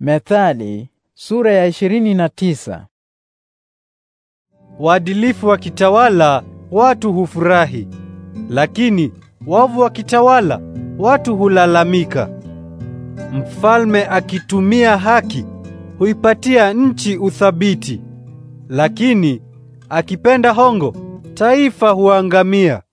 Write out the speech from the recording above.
Methali sura ya ishirini Waadilifu wakitawala watu hufurahi, lakini wavu wakitawala watu hulalamika. Mfalme akitumia haki huipatia nchi uthabiti, lakini akipenda hongo taifa huangamia.